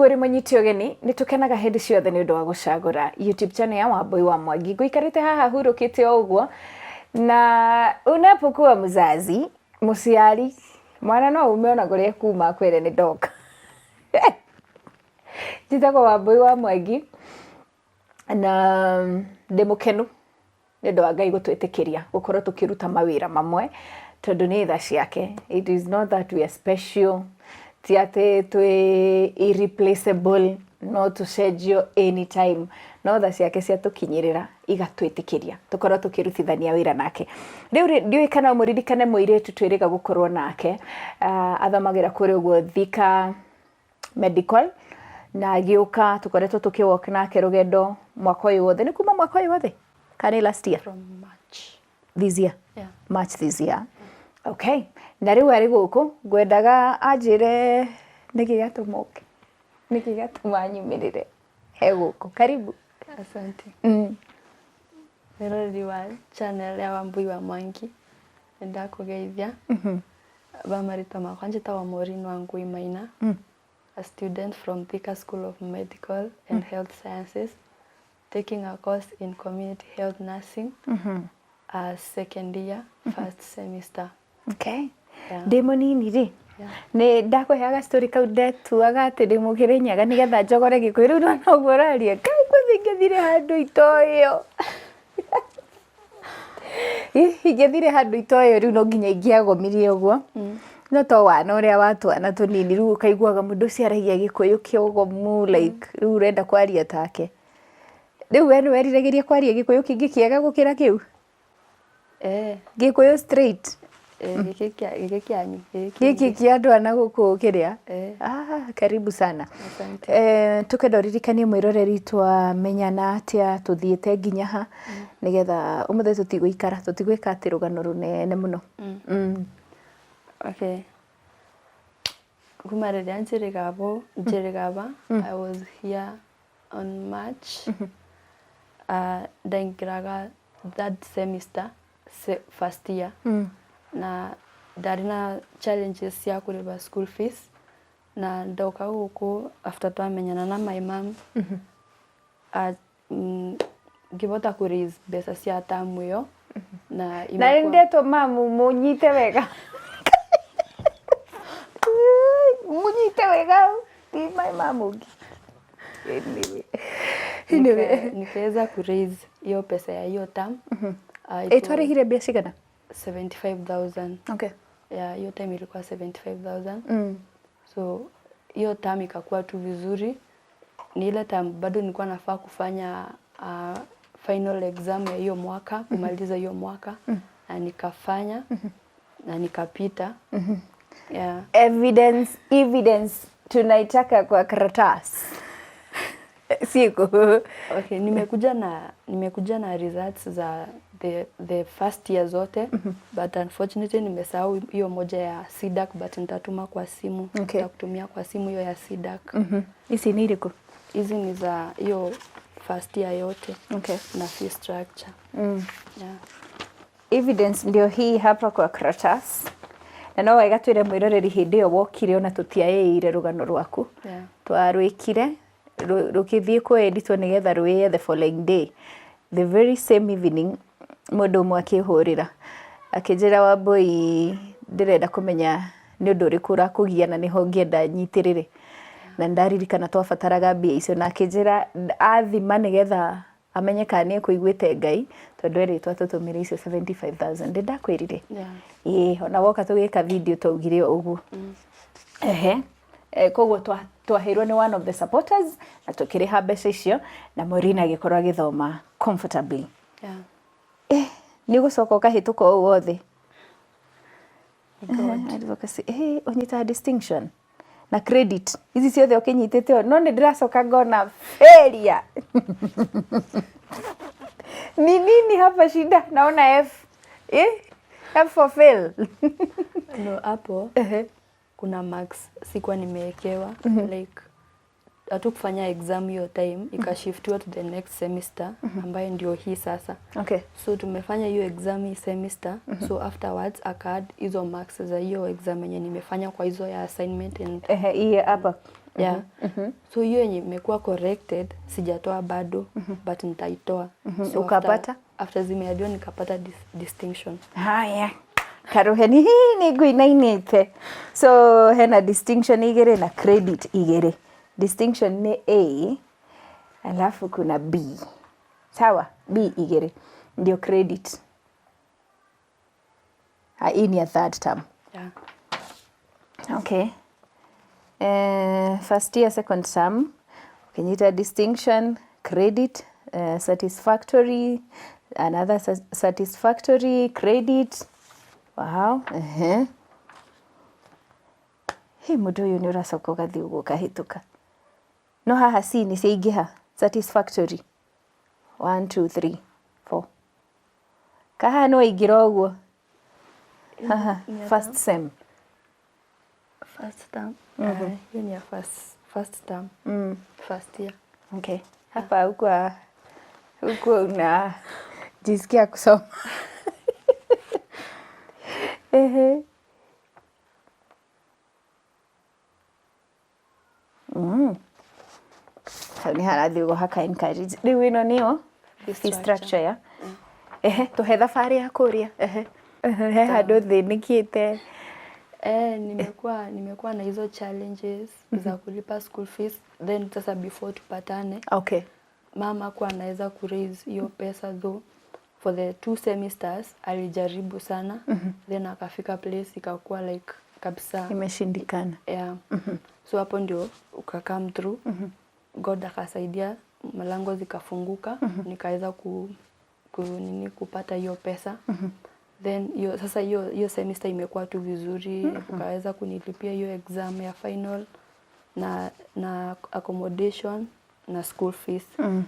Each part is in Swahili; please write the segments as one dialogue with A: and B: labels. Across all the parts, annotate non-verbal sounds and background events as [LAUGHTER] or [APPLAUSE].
A: nĩguo manyiti ũgeni nĩ tũkenaga hĩndĩ ciothe nĩ ũndũ wa gũcagũra youtube channel ya wambui wa mwangi ngũikarĩte haha hurũkĩte o ũguo na unapokuwa mzazi mũciari mwana no ume ona a kuma akwĩre nĩ ndoka [LAUGHS] njĩtagwo wambui wa mwangi na ndĩ mũkenu nĩ ũndũ wa ngai gũtwĩtĩkĩria gũkorwo tũkĩruta mawĩra mamwe tondũ nĩ tha ciake it is not that we are special tiate tu e irreplaceable no tå cenjio anytime no tha ciake cia tå kinyä rä ra igatwä tä kä koro tå korwo tå kä rutithania wä ra nake rä u ndiå kana muire tu twä gukorwa nake uh, athomagä kuri ugwo thika medical na agä å koro tå koretwo tå nake rå mwako yothe ni kuma mwako yothe yå wothe kana last year
B: From March. This year. Yeah.
A: March this year. Okay na riu ari guku ngwendaga anjire niki gatumoke niki gatuma nyumirire he guku karibu
B: asante mm. mwiroreri wa channel ya wambui wa mwangi ndakugeithia mm -hmm. wa marita makwa njitagwa morin wa ngui maina mm. a student from Thika School of Medical and mm. Health Sciences taking a course in community health nursing mm -hmm. a uh, second year mm -hmm. first semester
A: okay ndi munini ri ni ndakweheaga story kau ndetuaga atä ndä må kä rä nyaga nä getha njogore gä kwä rä u nona raria kai kwä ingäthire handå itoä yo [LAUGHS] ingäthire handå itoä yo rä u no nginya ingäagomire å guo mm. no to wana å rä a watwana tå nini u å kaiguaga må ndå å ciaragia gä kå yå kä u mm. renda kwaria take rä u we nä weriragä ria kwaria gä kå yå kä ngä kä ega gå kä ra kä u kå yå
B: gäkä
A: kia andu ana guku kiria karibu sana eh, tukenda uririkanie mwiroreri twamenyana atia tuthiite nginya ha mm. nigetha umuthi tutigwikara tutigwika ati rugano runene muno mm. mm.
B: okay kuma riria njirigabo mm. njirigaba mm. i was here on march mm -hmm. uh, ah, ndaingiraga semester first year mm na darina challenges ya kuriva school fees na ndauka guku after twamenyana na my mam mm-hmm. ah, mm, ngivota ku raise mbeca cia tamu iyo
A: mm-hmm. na na ndetwo mamu munyite wega munyite wega ti my mamu
B: nikaweza ku raise iyo pesa ya iyo tamu mm-hmm.
A: ah, itwarihire mbia cigana
B: 75000. Okay. ya Yeah, hiyo time ilikuwa 75000. Mm. So hiyo term ikakuwa tu vizuri. Ni ile term bado nilikuwa nafaa kufanya uh, final exam ya hiyo mwaka mm -hmm. kumaliza hiyo mwaka mm -hmm. na nikafanya mm -hmm. na nikapita mm
A: -hmm. yeah. Evidence, evidence tunaitaka kwa karatasi [LAUGHS] siku.
B: Okay, nimekuja na nimekuja na results za the, the first year zote mm -hmm. But unfortunately nimesahau hiyo moja ya SIDAC but nitatuma kwa simu okay. Nitakutumia kwa simu hiyo ya SIDAC mhm.
A: hizi mm -hmm.
B: Hizi ni za hiyo first year yote okay. Na fee structure mm. yeah.
A: Evidence ndio hii hapa kwa kratas na no wega twire mwiroreri hindi iyo wokire ona tutiaĩire rugano rwaku yeah. twarwikire rukithie kwenditwo nigetha rwĩye the following day the very same evening mundu umwe akĩhũrĩra akĩnjĩra Wambũi ndĩrenda kũmenya nĩ ũndũ ũrĩkũ ũrakũgia na nĩho ngĩenda nyitĩrĩre, na nĩ ndaririkana twabataraga mbia icio na akĩnjĩra athima nĩgetha amenye kana nĩ ekũiguĩte Ngai tondũ erĩtwo atũtũmĩre icio seventy five thousand ndĩ ndakwĩrire, ĩĩ ona woka tũgĩka video twaugire o ũguo, mm. ehe koguo twaheirwo nĩ one of the supporters na tũkĩrĩha mbeca icio na Maureen agĩkorwo agĩthoma comfortably eh ni gucoka ukahituka kahä advocacy eh å distinction na credit hizi ciothe å kä nyitä no ni ndä racoka ngona failure [LAUGHS] ni nini hapa shida naona f eh? f for fail
B: no hapo uh -huh. kuna max sikuwa nimewekewa mm -hmm. like hatukufanya exam hiyo time ikashiftiwa to the next semester mhm. ambayo ndio hii sasa. Okay. So tumefanya hiyo exam hii semester mm -hmm. So afterwards akaad hizo marks za hiyo exam yenye nimefanya kwa hizo ya assignment and
A: ehe, hii hapa
B: yeah. mm -hmm. So hiyo yenye imekuwa corrected sijatoa bado mm -hmm. but nitaitoa.
A: mm -hmm. So ukapata
B: after zimeadiwa nikapata dis distinction.
A: Haya karuheni hii ni niguinainite so hena distinction igere na credit igere distinction ni A alafu kuna B. Sawa, B igere ndio credit. Ha, ah, Hii ni ya third term. Yeah. Okay. Uh, first year second term ukinyita distinction credit uh, satisfactory another satisfactory credit. Wow. Uh -huh. Hii mudu yu ni uracoka ugathii uguo ukahituka no haha c nĩ ciaingĩha satisfactory one two three four kahaha no waingĩra ũguo haha first sem
B: first term mm-hmm. ah, ni ya first first term mm. first year
A: okay hapa huko uh, una jisikia kusoma [LAUGHS] ehe mm nĩ harathi guo haka encourage rĩu ĩno nĩyo structure ya mm. ehe tũhe thabarĩ ya kũria ehe he handũ thĩnĩkĩte
B: Eh, nimekuwa nimekuwa na hizo challenges mm -hmm. za mhm. kulipa school fees then sasa before tupatane okay. mama kuwa anaweza kuraise hiyo pesa though for the two semesters alijaribu sana mm -hmm. then akafika place ikakuwa like kabisa
A: imeshindikana
B: yeah. mm -hmm. so hapo ndio ukakam through mm -hmm. God akasaidia malango zikafunguka mm -hmm. nikaweza ku, ku, nini kupata hiyo pesa mm -hmm. Then yo, sasa hiyo hiyo semester imekuwa tu vizuri mm -hmm. ukaweza kunilipia hiyo exam ya final na, na accommodation na school fees mm -hmm.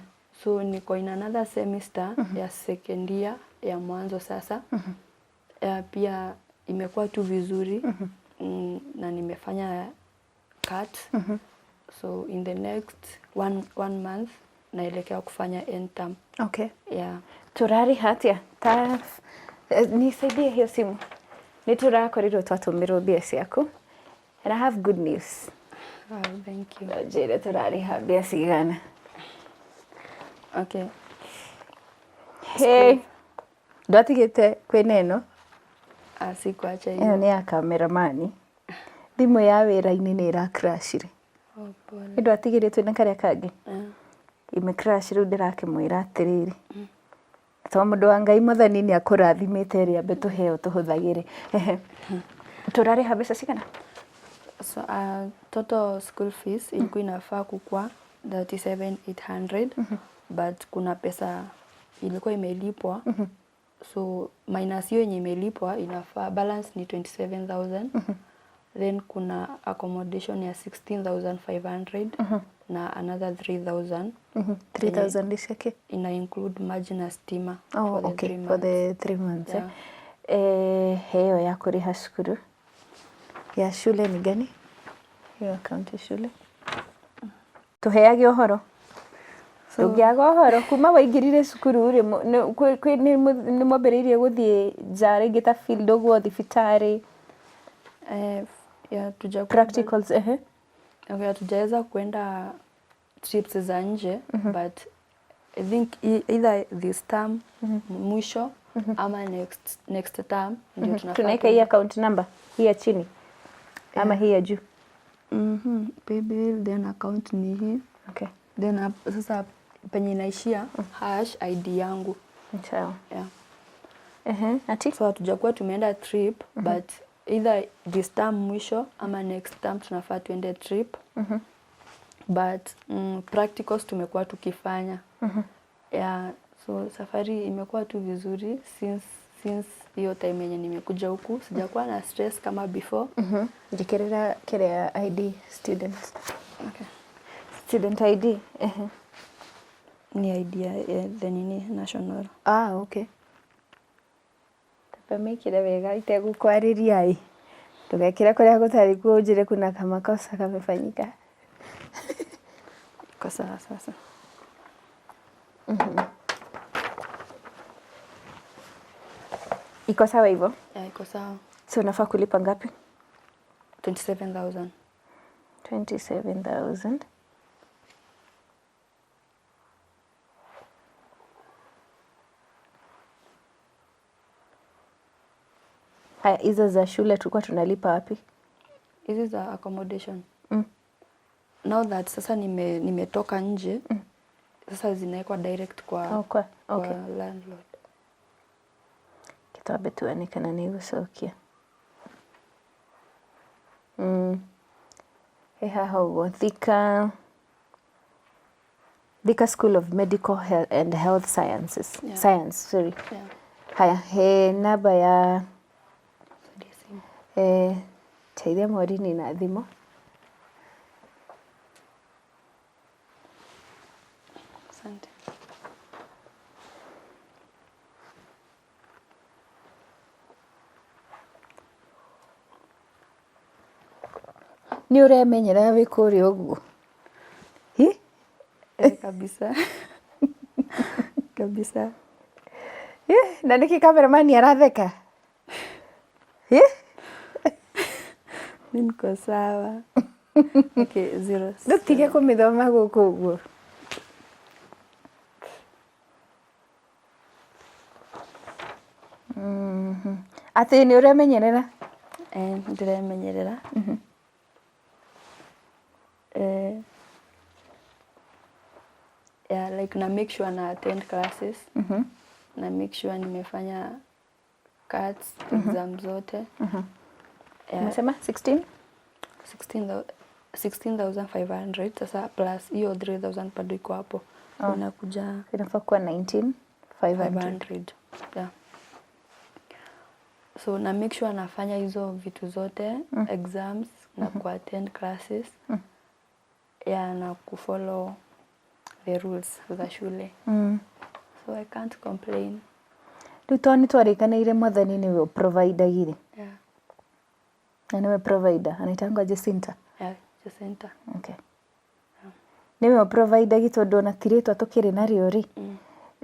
B: So niko in another semester mm -hmm. ya second year ya mwanzo sasa mm -hmm. ya pia imekuwa tu vizuri mhm. mm -hmm. na nimefanya cut mm -hmm so in the next one, one month naelekea kufanya entam. Okay. Yeah.
A: Turari hatia ta eh, nisaidie hiyo simu ni turakorirwo twatumirwo mbia ciaku and I have good news.
B: Oh, thank you.
A: Njire ha mbia cigana Okay. Hey. Ndatigite kwina ino
B: ah, sikwacha
A: ino ni ya kameramani thimu ya wira-ini ni ira crashire nä oh, ndå atigä rä two nä karä a kangä eh. imecrash rä u ndä rakä atiriri mm. to må ndå wa ngai mwathani nä akå rathimä te rä ambe tå heo tå hå thagä re hmm. tå rarä ha mbeca cigana
B: so, uh, total school fees hmm. ilikuwa inafaa kukua 37800 mm -hmm. but kuna pesa ilikuwa imelipwa mm -hmm. so minus hiyo yenye imelipwa inafaa balance ni 27000 mm -hmm then kuna accommodation ya 16500 uh -huh. na another 3000 uh
A: -huh. 3000
B: ina include maji na stima oh, for, okay.
A: for the three months eh? yeah. Eh, heyo ya kuriha shukuru ya shule ni gani
B: hiyo akaunti shule
A: tuheage uhoro so, ngiaga uhoro kuma waingirire cukuru rĩ nĩ mwambĩrĩirie gũthiĩ nja rĩngĩ ta field ũguo thibitarĩ eh, practicals ehe
B: okay, hatujaweza kuenda trips za nje mm -hmm. but I think either this term mm -hmm. mwisho mm -hmm. ama next, next term ndio
A: mm -hmm. tunaweka hii account number hii ya chini yeah. ama eh. hii ya juu
B: mm paybill then account ni hii okay. then up, sasa penye inaishia mm -hmm. hash ID yangu
A: sawa yeah. uh -huh.
B: so hatujakuwa tumeenda trip mm -hmm. but either this term mwisho ama next term tunafaa tuende trip mm -hmm. but mm, practicals tumekuwa tukifanya mm -hmm. yeah, so safari imekuwa tu vizuri since since hiyo time yenye nimekuja huku sijakuwa na stress kama before mm -hmm. jikerera kerea id students okay.
A: student id mhm.
B: ni idea ya the nini national
A: ah okay tũkamĩkĩra wega itegũkwarĩria ĩ, ndũgekĩre kũrĩa gũtarĩ kuo ũnjĩre kuna kamakosa kamefanyika
B: iko [LAUGHS] sawa sasa. Mhm.
A: Iko sawa hivyo? Yeah, iko sawa. So unafaa kulipa ngapi?
B: 27000.
A: 27000. Haya, hizo za shule tulikuwa tunalipa wapi?
B: Hizi za accommodation mm. Now that sasa nime nimetoka nje mm. Sasa zinawekwa direct kwa,
A: oh, okay. Okay. Kwa landlord kitabe tuonekana ni hivyo sokia mm. hehaha ugothika Thika Thika School of Medical Health and Health Sciences. Yeah. Science, sorry. Yeah. Haya, he naba ya teithia morini na thimũ Asante. nä å remenyera wä kårä a å guo kabisa [LAUGHS] na nä kä kameramani aratheka
B: Niko sawa. [LAUGHS] Okay, zero.
A: Ndutige kumithoma guku uguo. Mhm. Ati ni uremenyerera?
B: Eh, ndiremenyerera. Mm-hmm. Eh, yeah, like na make sure na attend classes. Mhm. Na make sure nimefanya cuts mm-hmm. exam zote. Mhm
A: umesema 16
B: 16500 sasa plus hiyo 3000 bado iko hapo oh. inakuja
A: inafaa kuwa 19500 yeah.
B: So na make sure anafanya hizo vitu zote mm. exams mm -hmm. na ku attend classes mm. ya yeah, na ku follow the rules za shule mm. so I can't complain.
A: Riu to nitwarikaniire mwathani niwe uprovaidagire niwe provider anaitangwa Jacinta
B: yeah, Jacinta
A: okay yeah. niwe provider gitondu ona ti ritwa mm. na nario ri mm.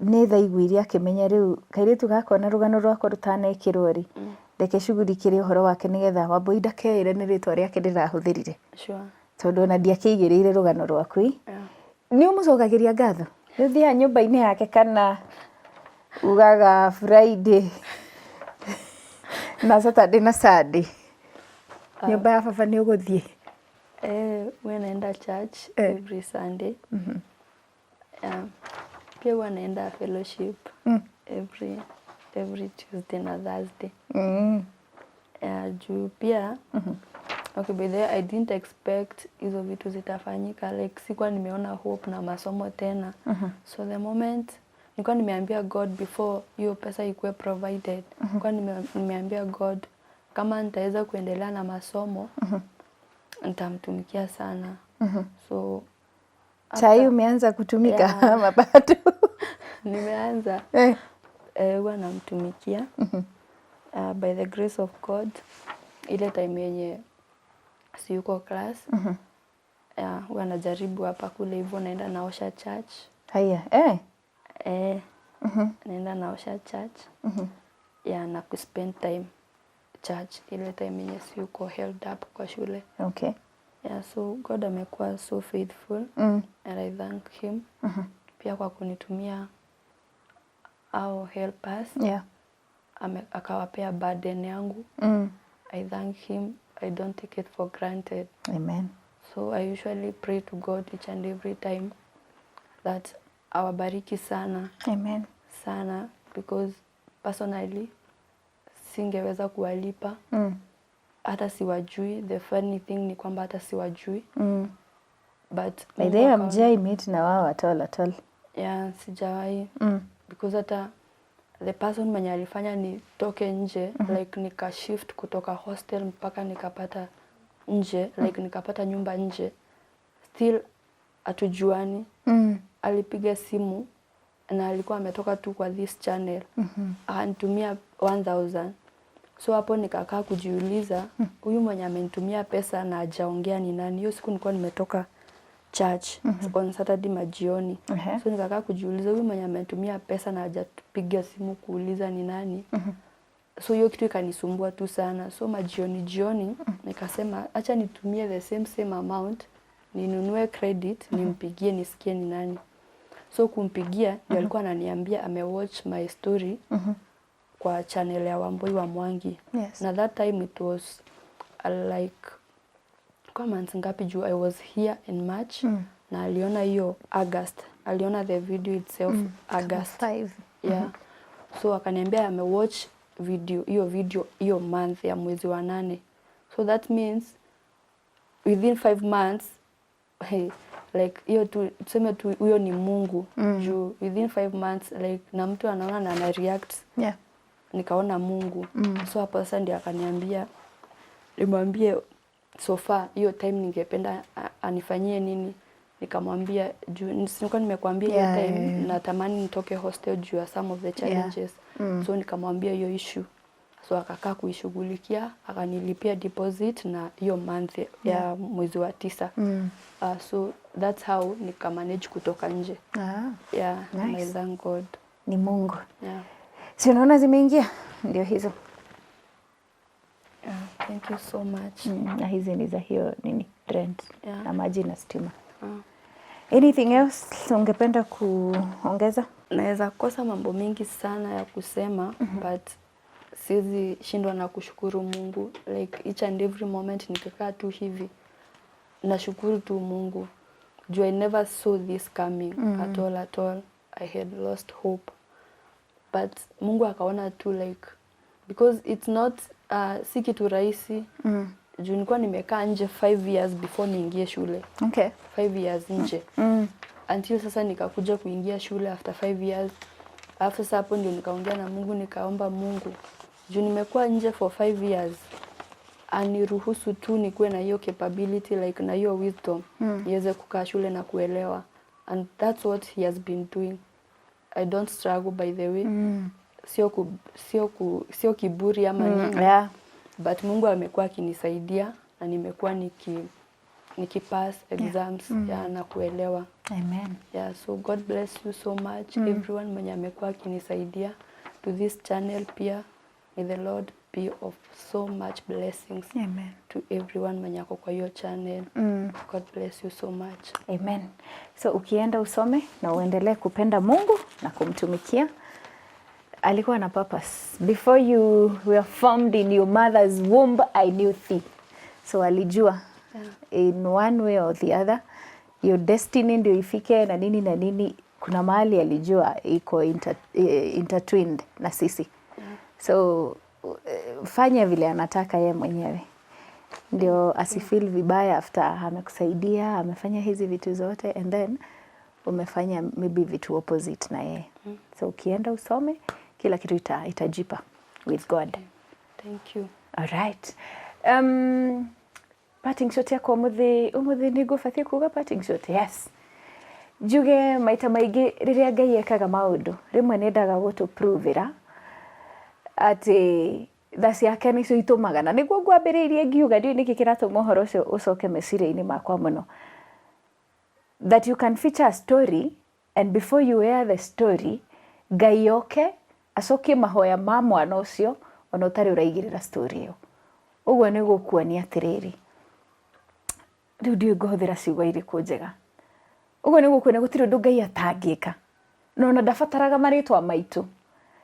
A: ni thaiguire akimenya riu kairitu gakona rugano rwakwa rutanekirwo ri mm. reke shughurikire uhoro wake nigetha wambui ndakeire ni ritwa riake ndirahuthirire sure. tondu ona ndiakiigiriire rugano rwaku yeah. ni umucokagiria ngatho ni uthiaga nyumba-ini yake kana ugaga Friday [LAUGHS] na Saturday na Sunday nyumba ya baba nĩ ũgũthiĩ
B: huwa eh, naenda church eh. every Sunday mm-hmm. um, pia huwa naenda fellowship mm. every every Tuesday na Thursday mm. juu pia mm-hmm. Okay, by the way, I didn't expect hizo vitu zitafanyika like sikuwa nimeona hope na masomo tena uh mm-hmm. -huh. So the moment nilikuwa nimeambia God before hiyo pesa ikuwe provided uh -huh. nilikuwa nimeambia God kama nitaweza kuendelea na masomo mhm. nitamtumikia sana mhm. so
A: sahii umeanza kutumika [LAUGHS] mapato [LAUGHS]
B: nimeanza eh. Eh, huwa namtumikia uh by the grace of God ile time yenye siyuko class uh huwa najaribu hapa kule hivyo, naenda naosha church
A: haya eh.
B: Eh, naenda naosha church ya na kuspend time church ile time yenye si uko held up kwa shule. Okay. Yeah, so God amekuwa so faithful mm. and I thank him mm -hmm. pia kwa kunitumia au help us yeah. Ame, akawapea burden yangu mm. I thank him I don't take it for granted. Amen. So I usually pray to God each and every time that awabariki sana. Amen. Sana because personally singeweza kuwalipa mm. hata siwajui. The funny thing ni kwamba hata siwajui mm. but
A: meet na wao at all at all
B: yeah, sijawahi mm. because hata the person mwenye alifanya nitoke nje mm -hmm. like nika shift kutoka hostel mpaka nikapata nje mm. like nikapata nyumba nje, still hatujuani mm. alipiga simu na alikuwa ametoka tu kwa this channel mm -hmm. akanitumia 1000 so hapo nikakaa kujiuliza, mhm. huyu mwenye amenitumia pesa na ajaongea ni nani? Hiyo siku nilikuwa nimetoka church mm -hmm. on Saturday majioni uh-huh. so nikakaa kujiuliza, huyu mwenye amenitumia pesa na ajapiga simu kuuliza ni nani? mm -hmm. so hiyo kitu ikanisumbua tu sana, so majioni jioni mhm. nikasema acha nitumie the same same amount ninunue credit mm -hmm. nimpigie nisikie ni nani so kumpigia mm -hmm. ndio alikuwa ananiambia amewatch my story mm -hmm. kwa channel ya wamboi wa Mwangi yes. na that time it was uh, like kwa months ngapi juu I was here in March mm. na aliona hiyo August aliona the video itself mm. August 5 yeah mm -hmm. so akaniambia amewatch video hiyo video hiyo month ya mwezi wa nane so that means within five months hey, like hiyo tu tuseme tu huyo ni Mungu mm. juu within five months like na mtu anaona na anareact yeah. nikaona Mungu mm. so hapo sasa ndio akaniambia nimwambie sofa hiyo time ningependa anifanyie nini nikamwambia juu nilikuwa nimekwambia hiyo yeah, time yeah, yeah. natamani nitoke hostel juu ya some of the challenges yeah. mm. so nikamwambia hiyo issue so akakaa kuishughulikia, akanilipia deposit na hiyo month ya mm. mwezi wa tisa. mm. Uh, so that's how nikamanage kutoka nje. ah, yeah, nice. thank God. Ni Mungu yeah.
A: Si unaona zimeingia, ndio hizo
B: yeah, thank you so much.
A: Mm, na hizi ni za hiyo nini rent yeah. na maji na stima uh. Anything else ungependa kuongeza?
B: Naweza kosa mambo mengi sana ya kusema mm -hmm. but siwezi shindwa na kushukuru Mungu like each and every moment, nikikaa tu hivi nashukuru tu Mungu juu I never saw this coming mm. -hmm. at all at all I had lost hope but Mungu akaona tu like because it's not uh, si kitu rahisi mm. -hmm. juu nilikuwa nimekaa nje five years before niingie shule okay. five years nje mm. -hmm. until sasa nikakuja kuingia shule after five years after sasa hapo ndio nikaongea na Mungu nikaomba Mungu juu nimekuwa nje for five years aniruhusu tu nikuwe na hiyo capability like na hiyo wisdom hmm. niweze mm. kukaa shule na kuelewa and that's what he has been doing. I don't struggle by the way mm. sio, ku, sio, ku, sio kiburi ama mm. nini yeah. but Mungu amekuwa akinisaidia na nimekuwa niki nikipass exams hmm. yeah. mm. ya na kuelewa Amen. Yeah, so God bless you so much mm. everyone mwenye amekuwa akinisaidia to this channel pia May the Lord be of so much blessings Amen. to everyone mwenye ako kwa hiyo channel mm. God bless you so much
A: Amen. So ukienda usome na uendelee kupenda Mungu na kumtumikia. Alikuwa na purpose. Before you were formed in your mother's womb I knew thee. So alijua yeah. in one way or the other your destiny ndio ifike na nini na nini, kuna mahali alijua iko inter, eh, intertwined na sisi So eh, fanya vile anataka ye mwenyewe ndio asifeel vibaya after amekusaidia amefanya hizi vitu zote and then umefanya maybe vitu opposite na yeye So ukienda usome kila kitu ita, itajipa with God. Thank you. All right. Um, parting shot yako umuthi umuthi ni gubatie kuga parting shot yes Juge maita maigi riria ngai ekaga maundu rimwe nendaga gutupruvira atĩ tha ciake nĩcio itũmaga na nĩguo ngwambĩrĩirie ngiuga ndiũĩ nĩkĩ kĩratũma ũhoro ũcio ũcoke meciria-inĩ makwa mũno that you can feature a story and before you wear the story ngai yoke acokie mahoya ma mwana ũcio ona ũtarĩ ũraigĩrĩra story ĩyo ũguo nĩ gũkuonia atĩrĩrĩ rĩu ndiũĩ ngũhũthĩra ciugo irĩkũ njega ũguo nĩ gũkuonia gũtirĩ ũndũ ngai atangĩka na nona ndabataraga marĩtwa maitũ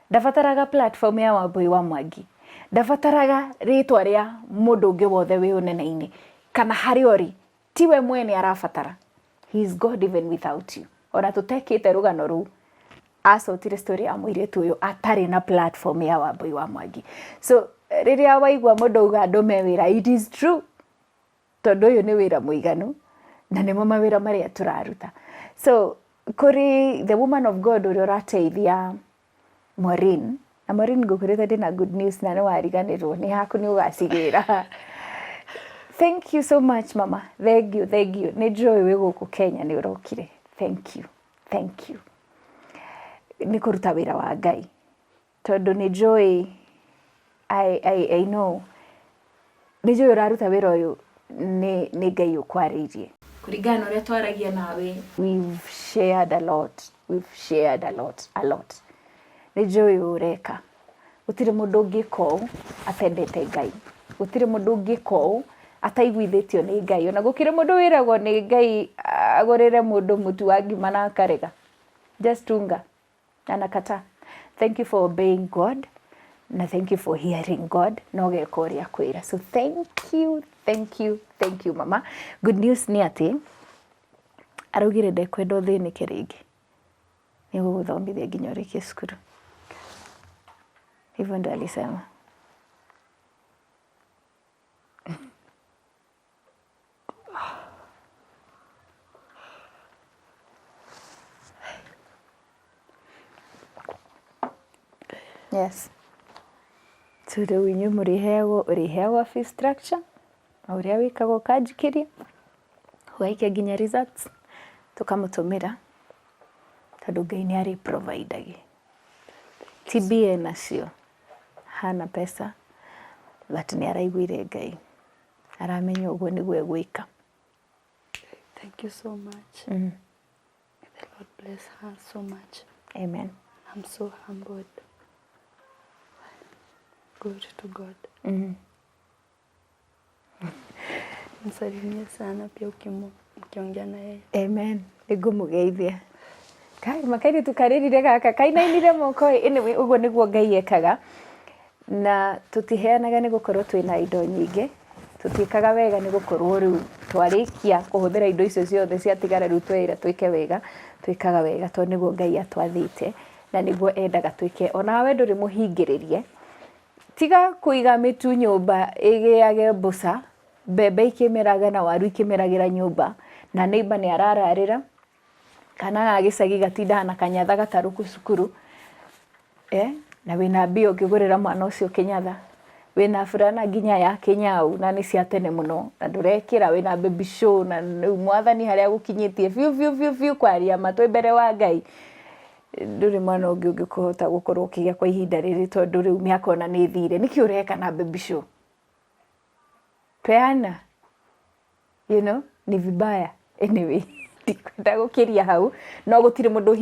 A: ndabataraga platform ya wambui wa mwangi ndabataraga ritwa ria mundu ungi wothe wi unene-ini kana hari ori tiwe mwene arabatara he is god even without you ona tutekite rugano ruu acotire story ya muiritu uyu atari na platform ya wambui wa mwangi so riria waigua mundu uga andu me wira it is true tondu uyu ni wira muiganu na nimo mawira maria turaruta so kuri the woman of god uria urateithia Maureen na Maureen ngũkwĩrĩte ndĩna good news na nĩ wariganĩrwo nĩ haku nĩ ũgacigĩra thank you so much mama thank you thank you nä njå wä gå kenya ni å rokire thank you thank you ni kuruta wira wa ngai tondå nä njå I, I, I know nä njå å wira wä ni å yå nä ngai å kwarä irie kå na å twaragia nawe we've shared a lot we've shared a lot a lot nĩ njũĩ ũyũ ũreka gũtirĩ mũndũ ũngĩka ũũ atendete ngai gũtirĩ mũndũ ũngĩka ũũ ataiguithĩtio nĩ ngai ona gũkĩrĩ mũndũ wĩragwo nĩ ngai agũrĩre mũndũ mũtu wa ngima na akarega justunga ana kata thank you for obeying god na thank you for hearing god na ũgeka ũrĩa kwĩra so thank you thank you thank you mama good news nĩ atĩ araugire ndekwenda ũthĩnĩke rĩngĩ nĩ gũgũthomithia nginya ũrĩkie cukuru Hivyo ndo alisema. Yes. turiwe inyuma urihewo urihewa fi structure kaji kiri. wikago kajikiria ginya results Tuka mutumira. ngai ni ari providagi tibia nacio hana pesa but ni araiguire ngai aramenya å guo nä guo
B: Thank you so much. Mm. May the Lord bless her so much. Amen. I'm so humbled. good to God. Mm. -hmm. Msalimie [LAUGHS] sana pia ukimu ukiongea na yeye.
A: Amen. Nĩngũmũgeithia. Kai makaini tukarĩrire gaka kainainire moko ini anyway, ũguo nĩguo Ngai ekaga na tutiheanaga nä gukorwo twina indo nyingä tutikaga wega ni gukorwo riu twarikia kuhuthira indo icio ciothe ciatigara riu twira twike wega twikaga wega to nĩguo Ngai atwathite na nĩguo endaga twĩke onawe ri muhingiririe tiga kũiga mĩtu nyũmba ĩgĩage busa mbembe ikĩmeraga na waru ikĩmeragĩra nyũmba na neighbor nĩ arararĩra kana ga gĩcagi gatindaga na kanyatha gatarũku cukuru eh? na wina mbia ukigurira mwana ucio kinyatha wina furana nginya ya kinyau na ni cia tene muno na ndurekira wina baby show na riu mwathani haria gukinyitie viu viu biu biu kwaria matwi mbere wa ngai nduri mwana ungi ungikuhota gukorwo ukigia kwa ihinda riri tondu riu miaka ona ni thire niki ureka na baby show peana you know ni vibaya anyway kä gukiria hau no gutire mundu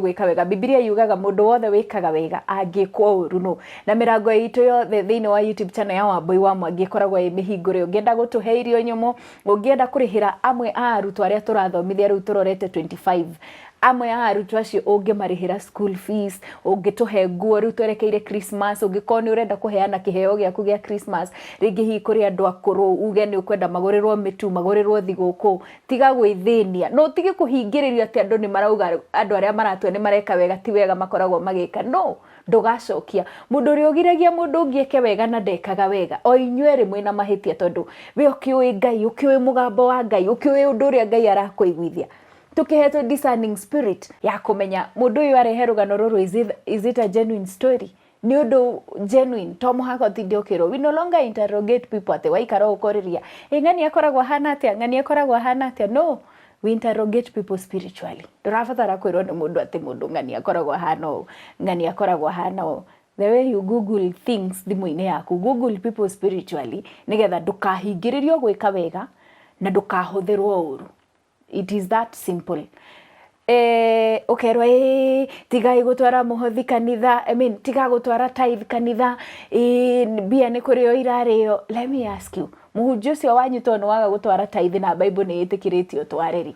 A: gwä ka wega bibilia yugaga mundu wothe kaga wega kwo uru no na mirango itu yothe thiini wa youtube channel ya wambui wa mwangi ikoragwo i mihingure ungienda gutuhe irio rä ungienda kurihira amwe a arutwo rä turathomithia tå turorete 25 amwe ya arutwo acio ũngĩmarĩhĩra school fees ũngĩtũhe nguo rĩu twerekeire Christmas ũngĩkorwo nĩ ũrenda kũheana kĩheo gĩaku gĩa Christmas rĩngĩ hihi kũrĩ andũ akũrũ uge nĩ ũkwenda magũrĩrwo mĩtu magũrĩrwo thigũkũ tiga gwĩthĩnia no ũtige kũhingĩrĩrio atĩ andũ nĩ marauga andũ arĩa maratua nĩ mareka wega ti wega makoragwo magĩka no ndũgacokia mũndũ ũrĩa ũgiragia mũndũ ũngĩ eke wega na ndekaga wega o inyuĩ erĩ mwĩna mahĩtia tondũ we ũkĩũĩ Ngai ũkĩũĩ mũgambo wa Ngai ũkĩũĩ ũndũ ũrĩa Ngai arakũiguithia tukihetwo discerning spirit ya kumenya mundu uyu arehe rugano ruru is it, is it a genuine story ni å genuine to må haka å we no longer interrogate people atä waikara å koriria ä ng'ani akoragwo hana atä a ng'ani akoragwo hana atia no we interrogate people spiritually ndårabatara kwä rwo nä ati ndå atä må ndå ng'ani akoragwo hana å ng'ani akoragwo hana å the way you google things thimå-inä yaku google people spiritually nä getha ndå kahingä wega na ndå kahå thä it is that simple eh okerwa eh tigai gutwara muhothi kanitha i mean tiga twara tithe kanitha eh bia ni kurio irario let me ask you muhunjia ucio wanyitwo ni waga twara tithe na bible ni itikiritio twareri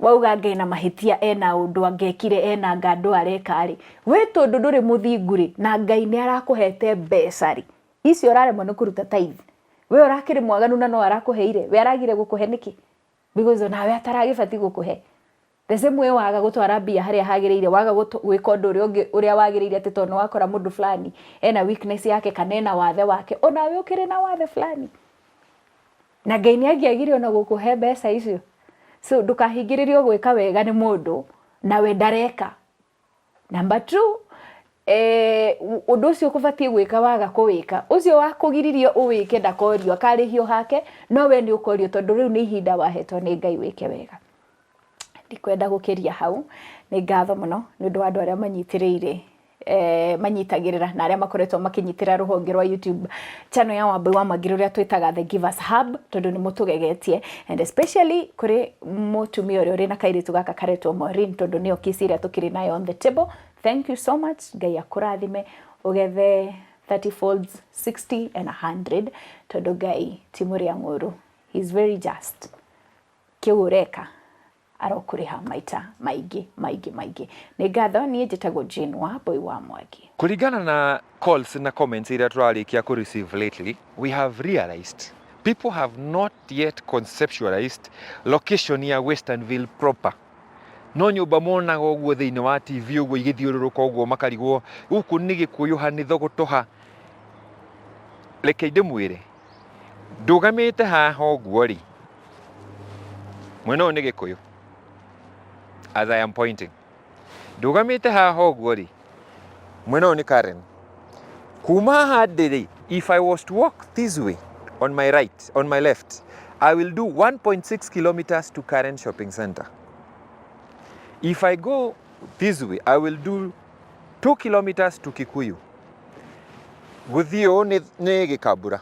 A: wauga ngai na mahitia ena undu angekire ena ngandu areka ri we tondu nduri muthingu ri na ngai ni arakuhete mbeca ri icio uraremwo ni kuruta tithe we urakiri mwaganu na no arakuheire we aragire gukuhe niki because nawe ataragibati gukuhe the same way waga gutwara mbia haria hagiriire waga gwika undu uria ungi uria wagiriire ati tondu wakora mundu fulani ena weakness yake kana ena wathe wake onawe ukiri na wathe fulani na ngai nä angĩagire ona he mbeca icio so gwä ka wega nĩ mũndũ nawe ndareka number two eh undu ucio kubatie gwika waga kuwika ucio wa kugiririo uwike ndakorio akarihio hake no we ni ukorio tondu riu ni ihinda wahetwo ni Ngai wike wega ndikwenda gukiria hau ni ngatho muno ni undu wa andu aria manyitiriire Eh, manyitagirira na aria makoretwo makinyitira ruhonge rwa YouTube chano ya Wambai wa Magiri uria twitaga the Givers Hub tondu ni gegetie and especially kuri mutumia uria uri na kairitu gaka karetwo Maureen tondu nio kisi iria tukiri nayo on the table thank you so much ngai akurathime ugethe 30 folds 60 and 100 tondu ngai ti muria nguru he is very just kiureka arokuriha maita maingi maingi maingi ni ngatho ni njitagwo Jane wa Boy wa Mwangi
C: kuringana na calls na comments iria turarikia ku receive lately we have realized people have not yet conceptualized location ya Westernville proper no nyumba monaga ũguo thĩinĩ wa TV ũguo igĩthiũrũrũka ũguo makarigwo gũkũ nĩ gĩkũyũha nĩ thogotoha reke ndĩmwĩre ndũgamĩte haha ũguo rĩ mwena ũyũ nĩ gĩkũyũ as I am pointing ndugamite haha ũguo rĩ mwena ũyũ nĩ Karen kuma haha if I was to walk this way on my right on my left I will do 1.6 kilometers to Karen shopping center if I go this way I will do 2 kilometers to Kikuyu gũthiĩ ũũ nĩ gĩkambura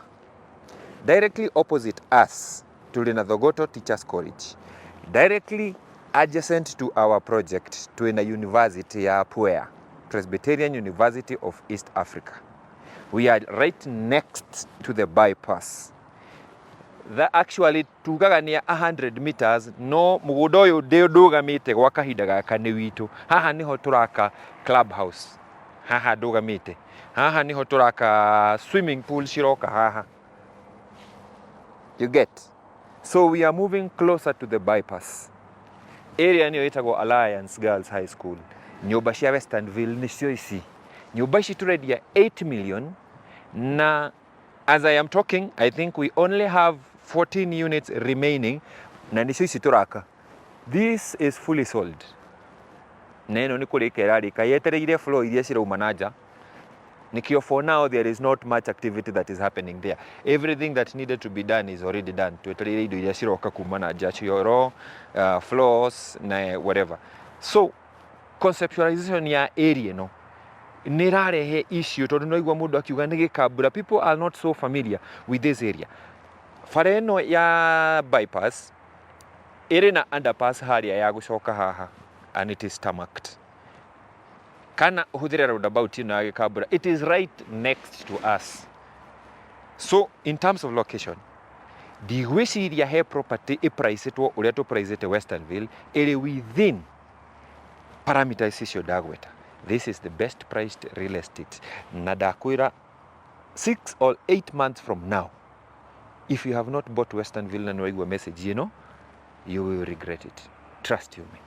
C: directly opposite us tũrĩ na Thogoto Teachers College directly adjacent to our project tuna university ya Puea, Presbyterian University of East Africa. We are right next to the bypass. The actually tugagania 100 meters no mugunda uyu ndugamite gwa kahinda gaka ni witu haha niho turaka clubhouse haha ndugamite haha niho turaka swimming pool ciroka haha you get so we are moving closer to the bypass area niyo itagwo Alliance Girls High School nyobashi cia Westernville nicio ici nyumba ici turendia 8 million na as I am talking I think we only have 14 units remaining na sio ici turaka this is fully sold na ino ni kurika irarika yetereire iria cirauma na nja Nikio, for now there is not much activity that is happening there. Everything that needed to be done is already done. twetereire indo iria ciroka kuma na nja cioro uh, floors na whatever. So conceptualization ya area no nä rarehe issue tondå no må ndå akiuga nä gä people are not so familiar with this area Fareno ya bypass ĩrĩ na underpass haria ya gũcoka haha and it is tarmacked kana hũthĩre roundabout ĩno ya Gĩkambura it is right next to us so in terms of location ndigwĩciria he property ĩpraicĩtwo ũrĩa tũpraicĩte Westernville ĩrĩ within parameters icio ndagweta this is the best priced real estate na ndakwĩra 6 or 8 months from now if you have not bought Westernville na nĩwaigua message ĩno you will regret it trust you me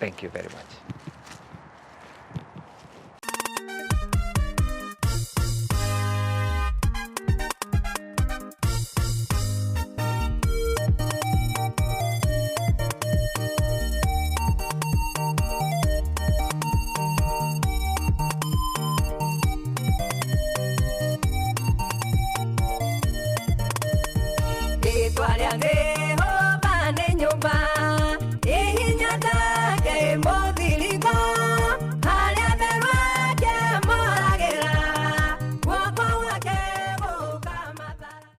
C: thank you very much